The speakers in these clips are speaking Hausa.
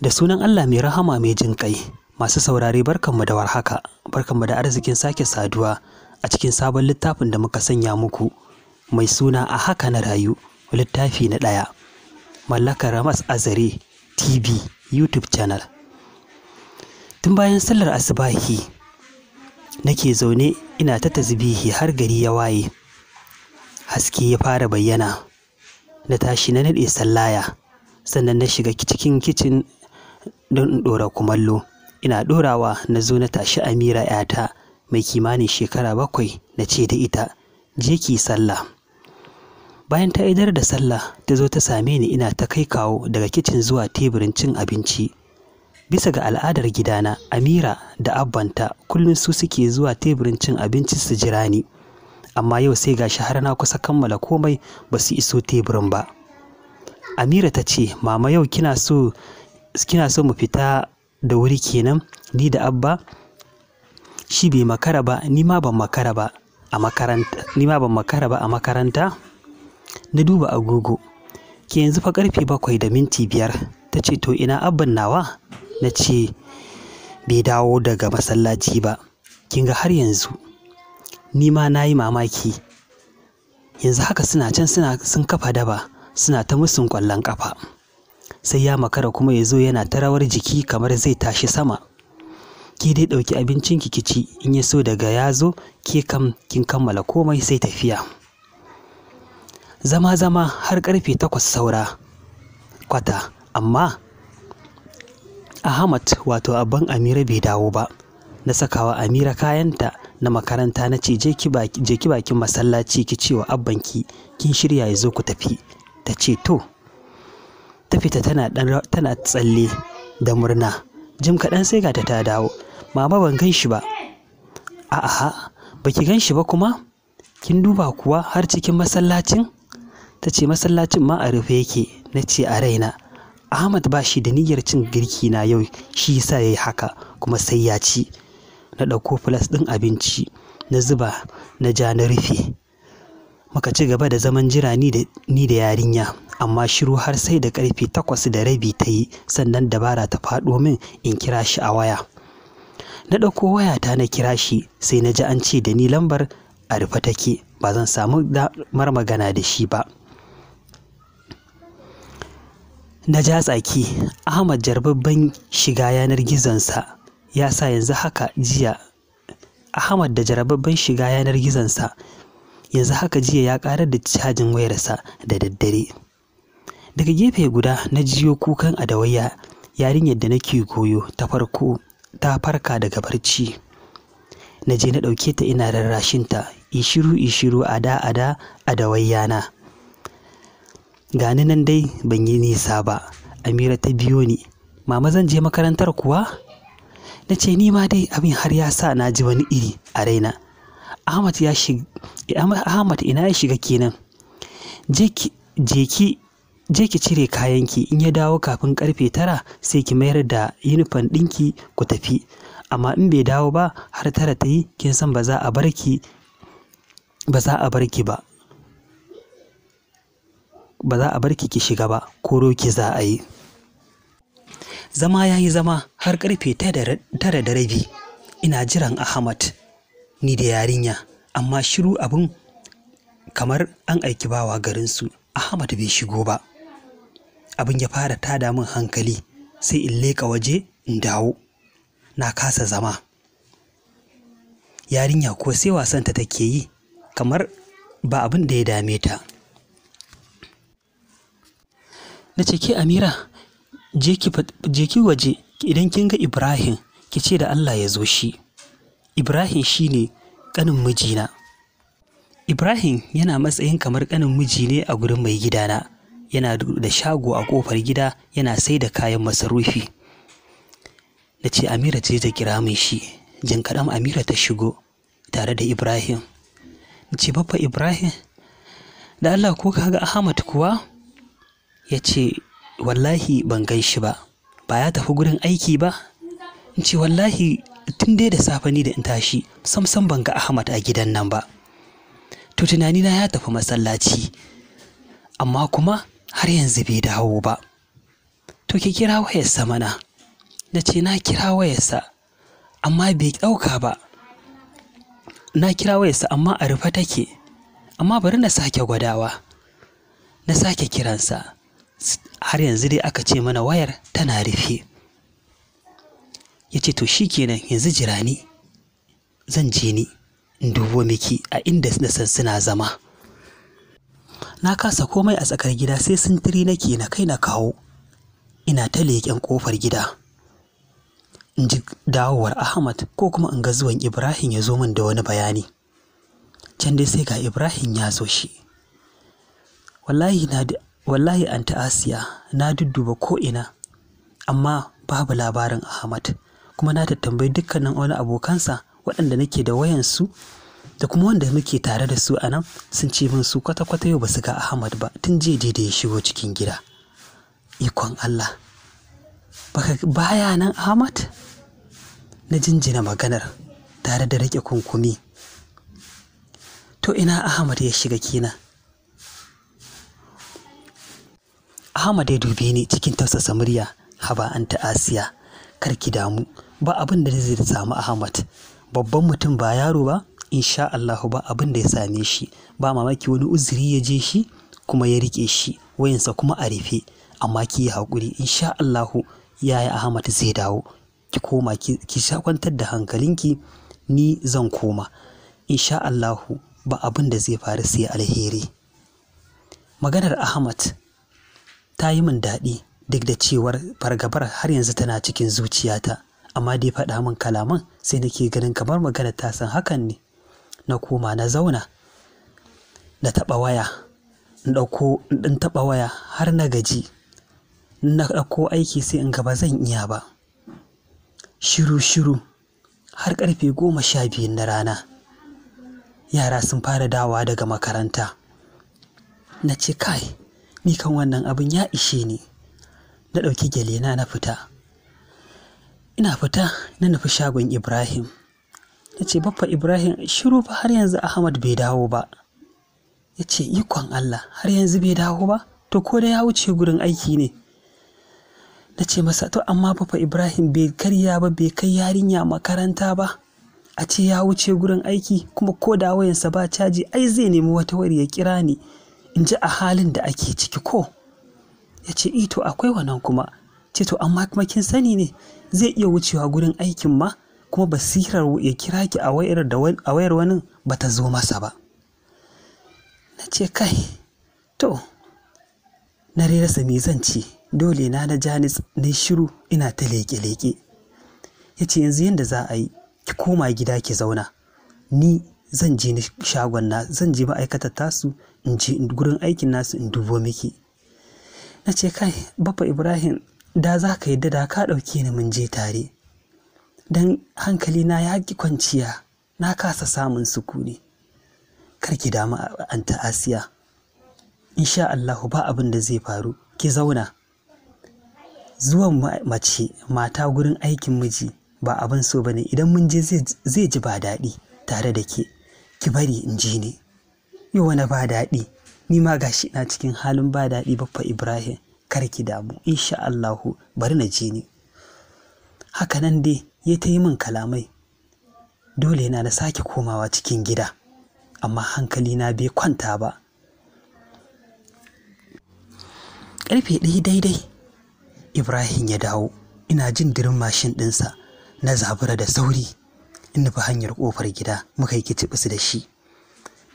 Da sunan Allah mai rahama mai jin kai masu saurare barkanmu da warhaka, barkanmu da arzikin sake saduwa a cikin sabon littafin da muka sanya muku mai suna a haka na rayu littafi na ɗaya. Mallakar Ramas Azare TV YouTube channel. Tun bayan sallar asubahi nake zaune ina ta tazbihi har gari ya waye. Haske ya fara bayyana. Na tashi na naɗe sallaya. sannan na shiga cikin kicin don in ɗora kumallo. Ina ɗorawa na zo na tashi Amira 'yata mai kimanin shekara bakwai na ce da ita, je ki sallah. Bayan ta idar da sallah ta zo ta same ni ina ta kai kawo daga kicin zuwa teburin cin abinci. Bisa ga al'adar gidana, Amira da abbanta kullum su suke zuwa teburin cin abinci su jira ni. Amma yau sai gashi har na kusa kammala komai ba su iso teburin ba. Amira ta ce, Mama yau kina so kina so mu fita da wuri kenan ni da abba shi bai makara ba ni ma ban makara ba a makaranta ni ma ban makara ba a makaranta na duba agogo ke yanzu fa karfe bakwai da minti biyar ta ce to ina abban nawa na ce bai dawo daga masallaci ba kin ga har yanzu ni ma na yi mamaki yanzu haka suna can suna sun kafa daba suna ta musun kwallon ƙafa sai ya makara kuma ya zo yana ta rawar jiki kamar zai tashi sama ki dai ɗauki abincin ki ci in ya so daga ya zo ke kam kin kammala komai sai tafiya zama zama har karfe takwas saura kwata amma Ahmad wato abban Amira bai dawo ba na sakawa Amira kayanta na makaranta na ce je ki bakin masallaci ki cewa abbanki kin shirya ya zo ku tafi ta ce to ta fita tana tana tsalle da murna jim kaɗan sai ga ta ta dawo mama ban gan shi ba a'a baki gan shi ba kuma kin duba kuwa har cikin masallacin ta ce masallacin ma a rufe yake na ce a raina ahmad ba shi da niyyar cin girki na yau shi yasa ya yi haka kuma sai ya ci na ɗauko filas ɗin abinci na zuba na ja na rufe muka ci gaba da zaman jira ni da yarinya amma shiru har sai da karfe takwas da rabi ta yi sannan dabara ta faɗo min in kira shi a waya na ɗauko waya ta na kira shi sai na ji an ce da ni lambar a rufe take ba zan samu damar magana da shi ba na ja tsaki ahmad jarbabban shiga yanar gizonsa ya sa yanzu haka jiya ahmad da jarababban shiga yanar gizonsa yanzu haka jiya ya ƙarar da cajin wayarsa da daddare daga gefe guda na jiyo kukan adawayya yarinyar da nake goyo ta farko ta farka daga barci na je na ɗauke ta ina rarrashinta ishiru ishiru ada ada na. gani nan dai ban yi nisa ba amira ta biyo ni mama zan je makarantar kuwa na ce ni ma dai abin har ya sa na ji wani iri a raina Ahmad ina ya shiga kenan je ki cire kayanki in ya dawo kafin karfe tara sai ki mayar da yunifan ɗinki ku tafi amma in bai dawo ba har tara ta yi kin san ba za a bar ki ba ki ba za a bar ki ki shiga ba koro ki za a yi zama ya yi zama har karfe tara da rabi ina jiran ahmad ni da yarinya amma shiru abin kamar an aiki bawa garinsu ahmad bai shigo ba abin ya fara tada min hankali sai in leka waje in dawo na kasa zama yarinya ko sai wasanta take yi kamar ba abin da ya dame ta na ce ke amira je ki waje idan kin ga ibrahim ki ce da allah ya zo shi ibrahim shine ƙanin mijina ibrahim yana matsayin kamar ƙanin miji ne a gurin mai gidana yana da shago a ƙofar gida yana sai da kayan masarufi na ce amira ce ta kira min shi jin kaɗan amira ta shigo tare da ibrahim na ce ibrahim da allah ko kaga ahmad kuwa Yace wallahi ban gan shi ba ba ya tafi gurin aiki ba in ce wallahi tun dai da safe ni da in tashi samsam ban ga Ahmad a gidan nan ba to tunanina ya tafi masallaci amma kuma har yanzu bai dawo ba to ki kira wayarsa mana na ce na kira wayarsa amma bai ɗauka ba na kira wayarsa amma a rufe take amma bari na sake gwadawa na sake kiransa har yanzu dai aka ce mana wayar tana rufe ya ce to shi kenan yanzu jira ni zan je ni in dubo miki a inda na san suna zama na kasa komai a tsakar gida sai sintiri nake na kai na kawo ina ta leƙen ƙofar gida in ji dawowar ahmad ko kuma in ga zuwan ibrahim ya zo min da wani bayani can dai sai ga ibrahim ya zo shi wallahi na wallahi an ta asiya na dudduba ko ina amma babu labarin ahmad kuma na ta tambayi dukkanin wani abokansa waɗanda nake da wayansu da kuma wanda muke tare da su a nan sun ce min su kwata-kwata yau ba su ga Ahmad ba tun jiya da ya shigo cikin gida. Ikon Allah. Baka baya nan Ahmad? Na jinjina maganar tare da rike kunkumi. To ina Ahmad ya shiga kina? Ahmad ya dubi ni cikin tausasa murya haba an ta Asiya. Karki damu ba abin da zai samu Ahmad babban mutum ba yaro ba insha Allahu ba abin da ya same shi ba mamaki wani uzuri ya je shi kuma ya rike shi wayansa kuma a rufe amma ki yi hakuri insha Allah yaya Ahmad zai dawo ki koma ki kwantar da hankalinki ni zan koma insha Allahu ba abin da zai faru sai alheri maganar Ahmad ta yi min daɗi duk da cewar fargabar har yanzu tana cikin zuciyata amma dai faɗa min kalaman sai nake ganin kamar magana ta san hakan ne na koma na zauna na taɓa waya in ɗauko in taɓa waya har na gaji na ɗauko aiki sai in gaba zan iya ba shiru shiru har ƙarfe goma sha biyun na rana yara sun fara dawa daga makaranta na ce kai ni kan wannan abin ya ishe ni na ɗauki gyalena na fita ina fita na nufi shagon ibrahim ya ce baffa ibrahim shiru fa har yanzu ahmad bai dawo ba ya ce ikon allah har yanzu bai dawo ba to ko da ya wuce gurin aiki ne na ce masa to amma baffa ibrahim bai karya ba bai kai yarinya makaranta ba a ce ya wuce gurin aiki kuma ko da wayansa ba caji ai zai nemi wata wari ya kira ni in ji a halin da ake ciki ko ya ce ito akwai wannan kuma ce to amma kuma kin sani ne zai iya wucewa gurin aikin ma kuma basirar ya kira ki a wayar da a wayar wani bata zo masa ba na ce kai to na rera sami zan ce dole na na janis na shiru ina ta leƙe-leƙe ya ce yanzu yadda za a yi ki koma gida ki zauna ni zan je na shagon na zan je ma'aikatar tasu in je gurin aikin nasu in dubo miki na ce kai bafa ibrahim da za ka yadda da ka ɗauke ni mun je tare don hankali na ya ƙi kwanciya na kasa samun sukuni karki dama an ta'asiya insha Allahu ba abin da zai faru ki zauna zuwan mace mata gurin aikin miji ba abin so ba ne idan mun je zai ji ba daɗi tare da ke ki bari in ji ne yi wani ba daɗi ni ma gashi na cikin halin ba daɗi baffa Ibrahim Kar ki damu insha Allahu bari na je ni haka nan dai ya ta yi min kalamai dole na na sake komawa cikin gida amma hankali na bai kwanta ba Karfe ɗaya daidai ibrahim ya dawo ina jin dirin mashin ɗinsa na zabura da sauri in nufi hanyar ƙofar gida muka yi kicibis da shi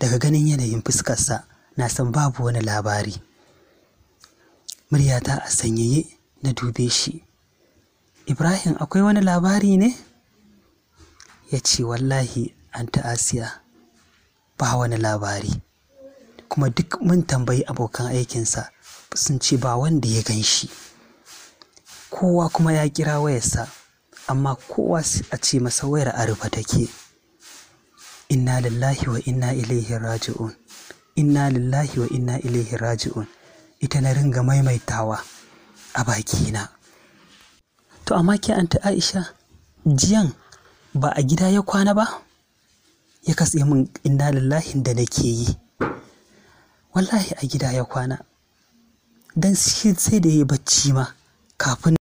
daga ganin yanayin fuskarsa na san babu wani labari muryata a sanyaye na dube shi ibrahim akwai wani labari ne ya ce wallahi an ta'asiya ba wani labari kuma duk mun tambayi abokan aikinsa sun ce ba wanda ya gan shi kowa kuma ya kira wayarsa amma kowa a ce masa wayar a rufe take inna lillahi wa inna ilaihi raji'un inna lillahi wa inna ilaihi raji'un ita na ringa maimaitawa a bakina to amma ke anta aisha jiyan ba a gida ya kwana ba ya katse min inna lallahi da nake yi wallahi a gida ya kwana dan sai da ya yi bacci ma kafin